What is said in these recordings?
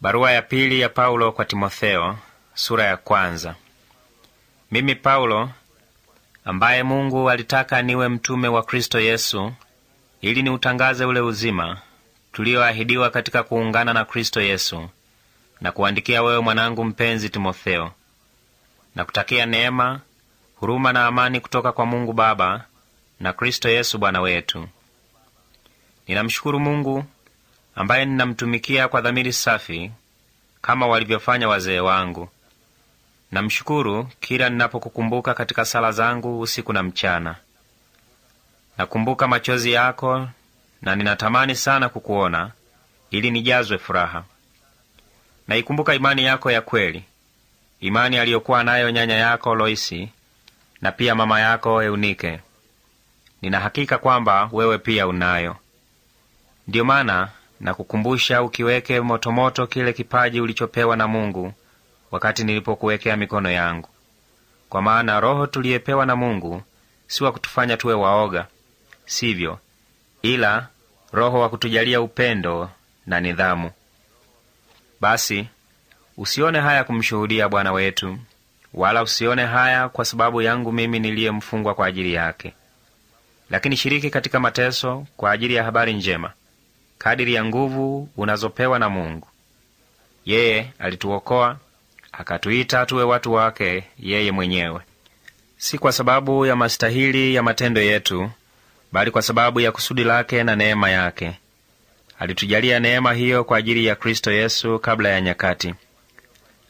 Barua ya pili ya Paulo kwa Timotheo, sura ya kwanza. Mimi Paulo, ambaye Mungu alitaka niwe mtume wa Kristo Yesu ili niutangaze ule uzima tulioahidiwa katika kuungana na Kristo Yesu, na kuandikia wewe mwanangu mpenzi Timotheo, na kutakia neema, huruma na amani kutoka kwa Mungu Baba na Kristo Yesu Bwana wetu. Ninamshukuru Mungu ambaye ninamtumikia kwa dhamiri safi kama walivyofanya wazee wangu. Namshukuru kila ninapokukumbuka katika sala zangu usiku na mchana. Nakumbuka machozi yako na ninatamani sana kukuona ili nijazwe furaha. Naikumbuka imani yako ya kweli, imani aliyokuwa nayo nyanya yako Loisi na pia mama yako Eunike. Ninahakika kwamba wewe pia unayo. Ndiyo maana na kukumbusha ukiweke motomoto kile kipaji ulichopewa na Mungu wakati nilipokuwekea mikono yangu, kwa maana Roho tuliyepewa na Mungu si wa kutufanya tuwe waoga, sivyo, ila Roho wa kutujalia upendo na nidhamu. Basi usione haya kumshuhudia Bwana wetu, wala usione haya kwa sababu yangu mimi niliye mfungwa kwa ajili yake, lakini shiriki katika mateso kwa ajili ya habari njema kadiri ya nguvu unazopewa na Mungu. Yeye alituokoa akatuita tuwe watu wake yeye mwenyewe, si kwa sababu ya mastahili ya matendo yetu, bali kwa sababu ya kusudi lake na neema yake. Alitujalia neema hiyo kwa ajili ya Kristo Yesu kabla ya nyakati,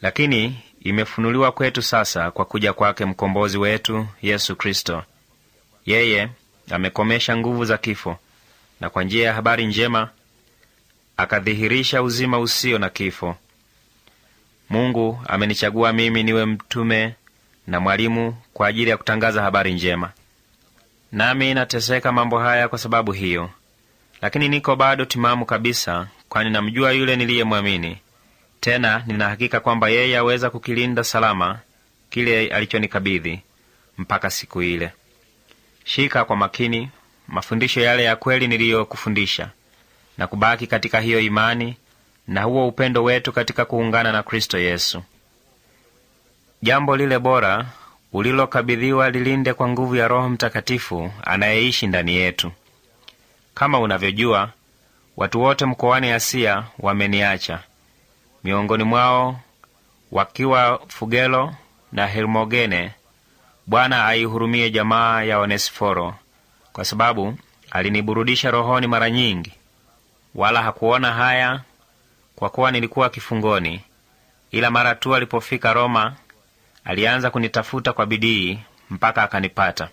lakini imefunuliwa kwetu sasa kwa kuja kwake mkombozi wetu Yesu Kristo. Yeye amekomesha nguvu za kifo, na kwa njia ya habari njema akadhihirisha uzima usio na kifo. Mungu amenichagua mimi niwe mtume na mwalimu kwa ajili ya kutangaza habari njema, nami nateseka mambo haya kwa sababu hiyo, lakini niko bado timamu kabisa, kwani namjua yule niliyemwamini. Tena ninahakika kwamba yeye aweza kukilinda salama kile alichonikabidhi mpaka siku ile. Shika kwa makini mafundisho yale ya kweli niliyokufundisha, na kubaki katika hiyo imani na huo upendo wetu katika kuungana na Kristo Yesu. Jambo lile bora ulilokabidhiwa lilinde kwa nguvu ya Roho Mtakatifu anayeishi ndani yetu. Kama unavyojua, watu wote mkoani Asia wameniacha, miongoni mwao wakiwa Fugelo na Hermogene. Bwana aihurumie jamaa ya Onesiforo, kwa sababu aliniburudisha rohoni mara nyingi wala hakuona haya, kwa kuwa nilikuwa kifungoni. Ila mara tu alipofika Roma, alianza kunitafuta kwa bidii mpaka akanipata.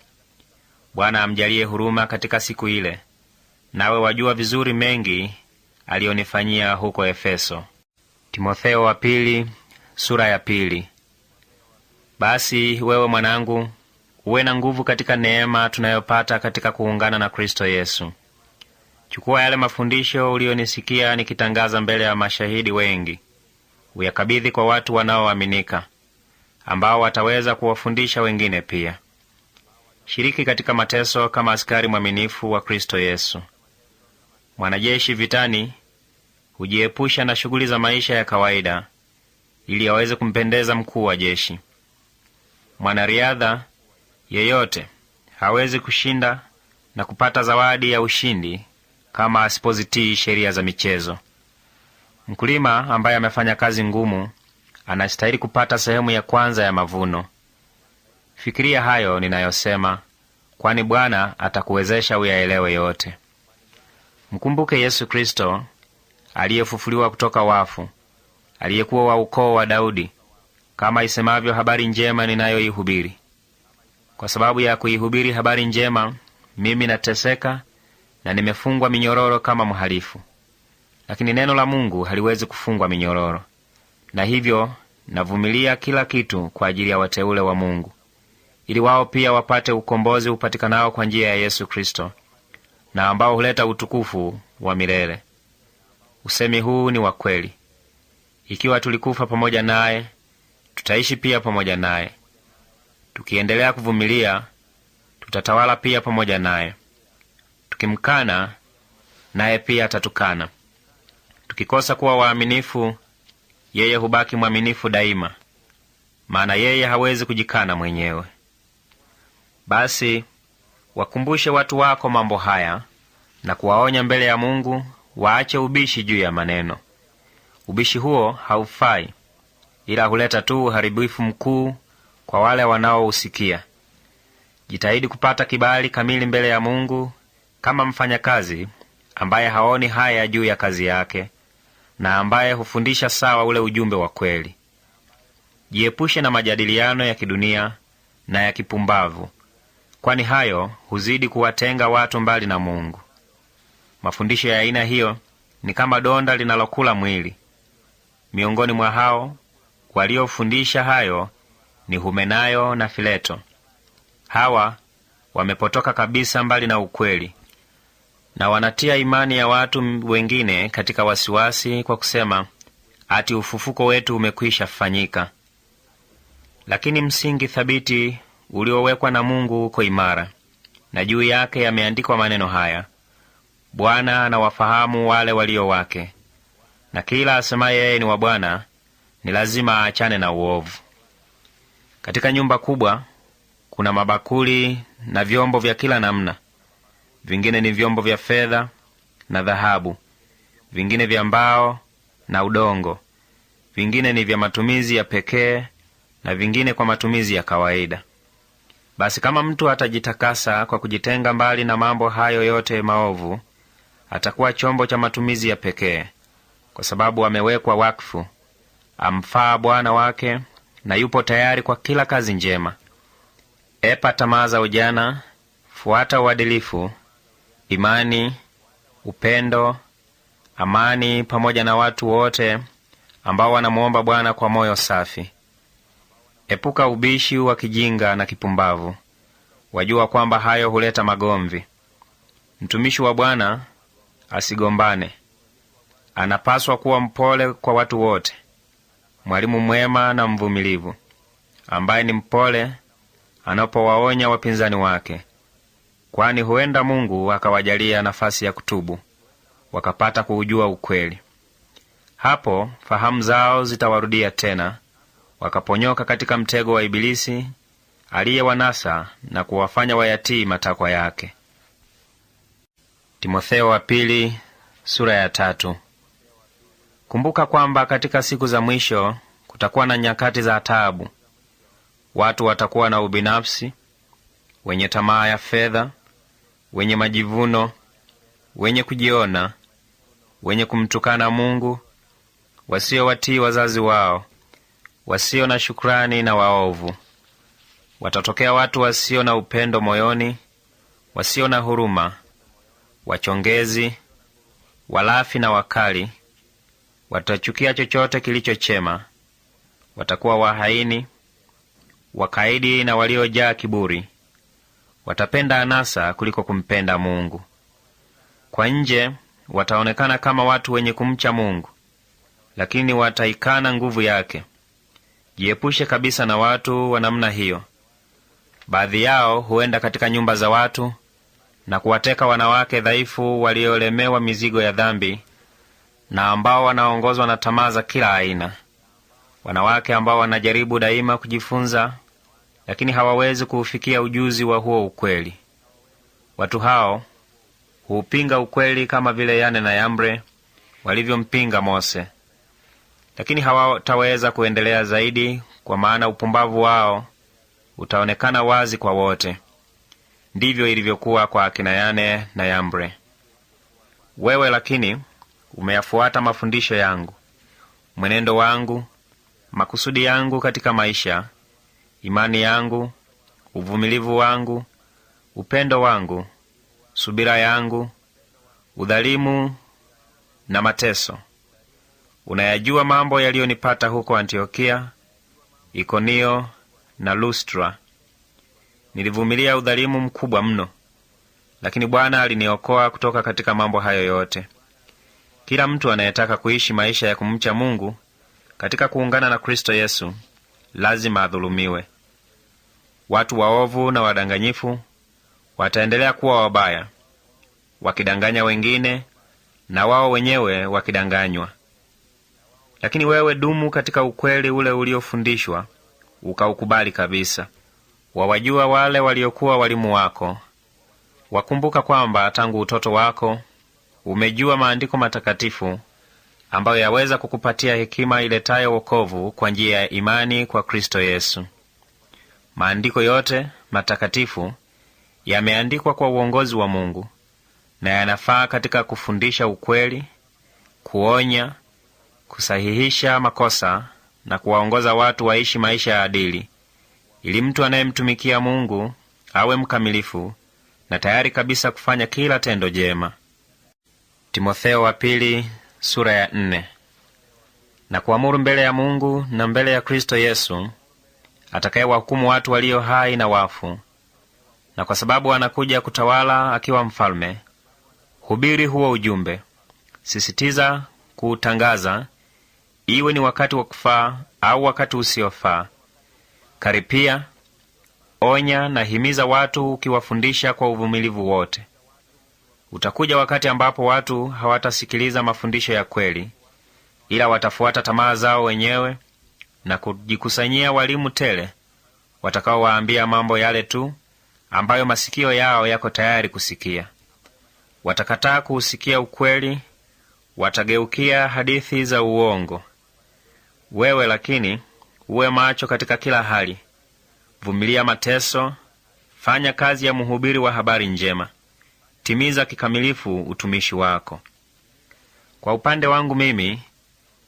Bwana amjalie huruma katika siku ile. Nawe wajua vizuri mengi aliyonifanyia huko Efeso. Timotheo wa pili, sura ya pili. Basi wewe mwanangu, uwe na nguvu katika neema tunayopata katika kuungana na Kristo Yesu. Chukua yale mafundisho uliyonisikia nikitangaza mbele ya mashahidi wengi, uyakabidhi kwa watu wanaoaminika, ambao wataweza kuwafundisha wengine pia. Shiriki katika mateso kama askari mwaminifu wa Kristo Yesu. Mwanajeshi vitani hujiepusha na shughuli za maisha ya kawaida ili aweze kumpendeza mkuu wa jeshi. Mwanariadha yeyote hawezi kushinda na kupata zawadi ya ushindi kama asipozitii sheria za michezo. Mkulima ambaye amefanya kazi ngumu anastahili kupata sehemu ya kwanza ya mavuno. Fikiria hayo ninayosema, kwani Bwana atakuwezesha uyaelewe yote. Mkumbuke Yesu Kristo aliyefufuliwa kutoka wafu, aliyekuwa wa ukoo wa Daudi, kama isemavyo habari njema ninayoihubiri. Kwa sababu ya kuihubiri habari njema, mimi nateseka na nimefungwa minyororo kama mhalifu. Lakini neno la Mungu haliwezi kufungwa minyororo, na hivyo navumilia kila kitu kwa ajili ya wateule wa Mungu, ili wao pia wapate ukombozi upatikanao kwa njia ya Yesu Kristo, na ambao huleta utukufu wa milele. Usemi huu ni wa kweli. Ikiwa tulikufa pamoja naye, tutaishi pia pamoja naye. Tukiendelea kuvumilia, tutatawala pia pamoja naye tukimkana naye pia atatukana. Tukikosa kuwa waaminifu, yeye hubaki mwaminifu daima, maana yeye hawezi kujikana mwenyewe. Basi wakumbushe watu wako mambo haya na kuwaonya mbele ya Mungu waache ubishi juu ya maneno. Ubishi huo haufai, ila huleta tu uharibifu mkuu kwa wale wanaohusikia Jitahidi kupata kibali kamili mbele ya Mungu kama mfanyakazi ambaye haoni haya juu ya kazi yake na ambaye hufundisha sawa ule ujumbe wa kweli, jiepushe na majadiliano ya kidunia na ya kipumbavu, kwani hayo huzidi kuwatenga watu mbali na Mungu. Mafundisho ya aina hiyo ni kama donda linalokula mwili. Miongoni mwa hao waliofundisha hayo ni Humenayo na Fileto. Hawa wamepotoka kabisa mbali na ukweli na wanatia imani ya watu wengine katika wasiwasi kwa kusema ati ufufuko wetu umekwisha fanyika. Lakini msingi thabiti uliowekwa na Mungu uko imara, na juu yake yameandikwa maneno haya: Bwana anawafahamu wale walio wake, na kila asemaye yeye ni wa Bwana ni lazima aachane na uovu. Katika nyumba kubwa kuna mabakuli na vyombo vya kila namna vingine ni vyombo vya fedha na dhahabu, vingine vya mbao na udongo, vingine ni vya matumizi ya pekee na vingine kwa matumizi ya kawaida. Basi kama mtu atajitakasa kwa kujitenga mbali na mambo hayo yote maovu, atakuwa chombo cha matumizi ya pekee, kwa sababu amewekwa wakfu, amfaa Bwana wake na yupo tayari kwa kila kazi njema. Epa tamaa za ujana, fuata uadilifu, imani, upendo, amani pamoja na watu wote ambao wanamuomba Bwana kwa moyo safi. Epuka ubishi wa kijinga na kipumbavu, wajua kwamba hayo huleta magomvi. Mtumishi wa Bwana asigombane, anapaswa kuwa mpole kwa watu wote, mwalimu mwema na mvumilivu, ambaye ni mpole anapowaonya wapinzani wake kwani huenda Mungu akawajalia nafasi ya kutubu wakapata kuujua ukweli. Hapo fahamu zao zitawarudia tena, wakaponyoka katika mtego wa Ibilisi aliyewanasa na kuwafanya wayatii matakwa yake. Timotheo wa pili, sura ya tatu. Kumbuka kwamba katika siku za mwisho kutakuwa na nyakati za taabu. Watu watakuwa na ubinafsi, wenye tamaa ya fedha, wenye majivuno, wenye kujiona, wenye kumtukana Mungu, wasiowatii wazazi wao, wasio na shukrani na waovu. Watatokea watu wasio na upendo moyoni, wasio na huruma, wachongezi, walafi na wakali. Watachukia chochote kilicho chema. Watakuwa wahaini, wakaidi na waliojaa kiburi watapenda anasa kuliko kumpenda Mungu. Kwa nje wataonekana kama watu wenye kumcha Mungu, lakini wataikana nguvu yake. Jiepushe kabisa na watu wa namna hiyo. Baadhi yao huenda katika nyumba za watu na kuwateka wanawake dhaifu waliolemewa mizigo ya dhambi na ambao wanaongozwa na tamaa za kila aina, wanawake ambao wanajaribu daima kujifunza lakini hawawezi kuufikia ujuzi wa huo ukweli. Watu hao huupinga ukweli kama vile Yane na Yambre walivyompinga Mose, lakini hawataweza kuendelea zaidi, kwa maana upumbavu wao utaonekana wazi kwa wote. Ndivyo ilivyokuwa kwa akina Yane na Yambre. Wewe lakini umeyafuata mafundisho yangu, mwenendo wangu, makusudi yangu katika maisha, imani yangu, uvumilivu wangu, upendo wangu, subira yangu, udhalimu na mateso. Unayajua mambo yaliyonipata huko Antiokia, Ikonio na Lustra. Nilivumilia udhalimu mkubwa mno, lakini Bwana aliniokoa kutoka katika mambo hayo yote. Kila mtu anayetaka kuishi maisha ya kumcha Mungu katika kuungana na Kristo Yesu lazima adhulumiwe. Watu waovu na wadanganyifu wataendelea kuwa wabaya, wakidanganya wengine na wao wenyewe wakidanganywa. Lakini wewe dumu katika ukweli ule uliofundishwa ukaukubali kabisa. Wawajua wale waliokuwa walimu wako, wakumbuka kwamba tangu utoto wako umejua maandiko matakatifu ambayo yaweza kukupatia hekima iletayo wokovu kwa njia ya imani kwa Kristo Yesu. Maandiko yote matakatifu yameandikwa kwa uongozi wa Mungu na yanafaa katika kufundisha ukweli, kuonya, kusahihisha makosa na kuwaongoza watu waishi maisha ya adili, ili mtu anayemtumikia Mungu awe mkamilifu na tayari kabisa kufanya kila tendo jema. Timotheo wa pili sura ya nne. Na kuamuru mbele ya Mungu na mbele ya Kristo Yesu atakayewahukumu watu walio hai na wafu, na kwa sababu anakuja kutawala akiwa mfalme, hubiri huo ujumbe, sisitiza kuutangaza, iwe ni wakati wa kufaa au wakati usiofaa. Karipia, onya na himiza watu, ukiwafundisha kwa uvumilivu wote. Utakuja wakati ambapo watu hawatasikiliza mafundisho ya kweli, ila watafuata tamaa zao wenyewe na kujikusanyia walimu tele watakaowaambia mambo yale tu ambayo masikio yao yako tayari kusikia. Watakataa kuusikia ukweli, watageukia hadithi za uongo. Wewe lakini uwe macho katika kila hali, vumilia mateso, fanya kazi ya mhubiri wa habari njema timiza kikamilifu utumishi wako. Kwa upande wangu mimi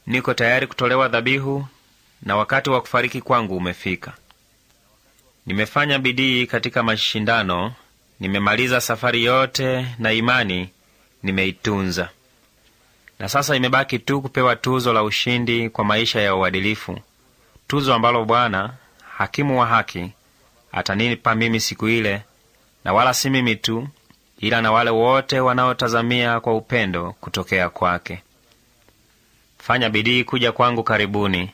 niko tayari kutolewa dhabihu, na wakati wa kufariki kwangu umefika. Nimefanya bidii katika mashindano, nimemaliza safari yote, na imani nimeitunza, na sasa imebaki tu kupewa tuzo la ushindi kwa maisha ya uadilifu, tuzo ambalo Bwana hakimu wa haki atanipa mimi siku ile, na wala si mimi tu, ila na wale wote wanaotazamia kwa upendo kutokea kwake. Fanya bidii kuja kwangu karibuni.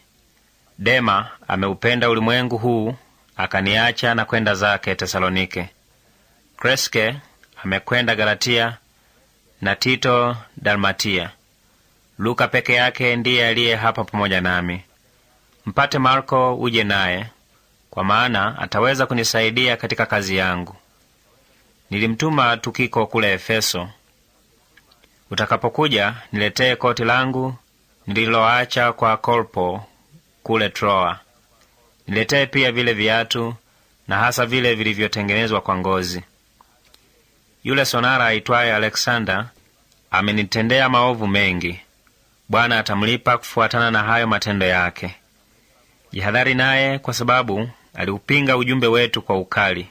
Dema ameupenda ulimwengu huu akaniacha na kwenda zake Tesalonike. Kreske amekwenda Galatia na Tito Dalmatia. Luka peke yake ndiye aliye hapa pamoja nami. Mpate Marko uje naye, kwa maana ataweza kunisaidia katika kazi yangu. Nilimtuma Tukiko kule Efeso. Utakapokuja niletee koti langu nililoacha kwa Kolpo kule Troa. Niletee pia vile viatu na hasa vile vilivyotengenezwa kwa ngozi. Yule sonara aitwaye Aleksanda amenitendea maovu mengi. Bwana atamlipa kufuatana na hayo matendo yake. Jihadhari naye, kwa sababu aliupinga ujumbe wetu kwa ukali.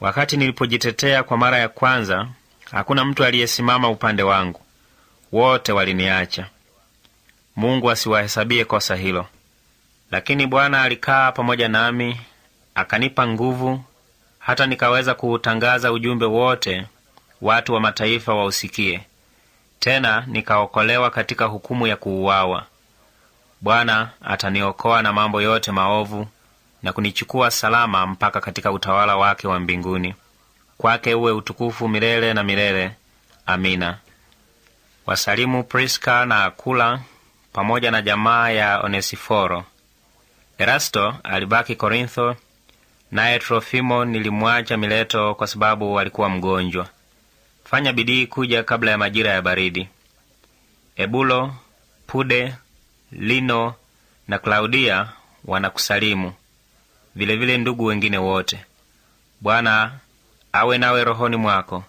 Wakati nilipojitetea kwa mara ya kwanza, hakuna mtu aliyesimama upande wangu, wote waliniacha. Mungu asiwahesabie kosa hilo. Lakini Bwana alikaa pamoja nami, akanipa nguvu, hata nikaweza kuutangaza ujumbe wote watu wa mataifa wausikie. Tena nikaokolewa katika hukumu ya kuuawa. Bwana ataniokoa na mambo yote maovu na kunichukua salama mpaka katika utawala wake wa mbinguni. Kwake uwe utukufu milele na milele. Amina. Wasalimu Priska na Akula pamoja na jamaa ya Onesiforo. Erasto alibaki Korintho, naye Trofimo nilimwacha Mileto kwa sababu alikuwa mgonjwa. Fanya bidii kuja kabla ya majira ya baridi. Ebulo, Pude, Lino na Klaudia wanakusalimu vilevile vile ndugu wengine wote. Bwana awe nawe rohoni mwako.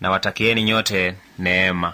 na watakieni nyote neema.